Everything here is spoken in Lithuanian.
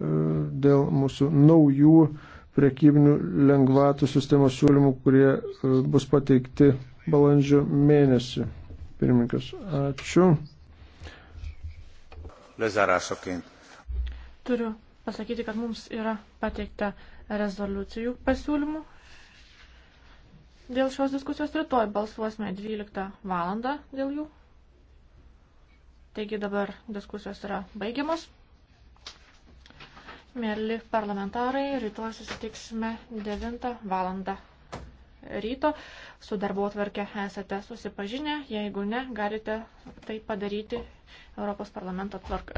E, dėl mūsų naujų prekybinių lengvatų sistemos siūlymų, kurie e, bus pateikti balandžio mėnesį. Pirmininkas, ačiū. Turiu pasakyti, kad mums yra pateikta rezoliucijų pasiūlymų. Dėl šios diskusijos rytoj balsuosime 12 valandą dėl jų. Taigi dabar diskusijos yra baigiamas. Mėly parlamentarai, rytoj susitiksime 9 valandą ryto. Su darbo atvarkė esate susipažinę, jeigu ne, galite tai padaryti Europos parlamento tvark...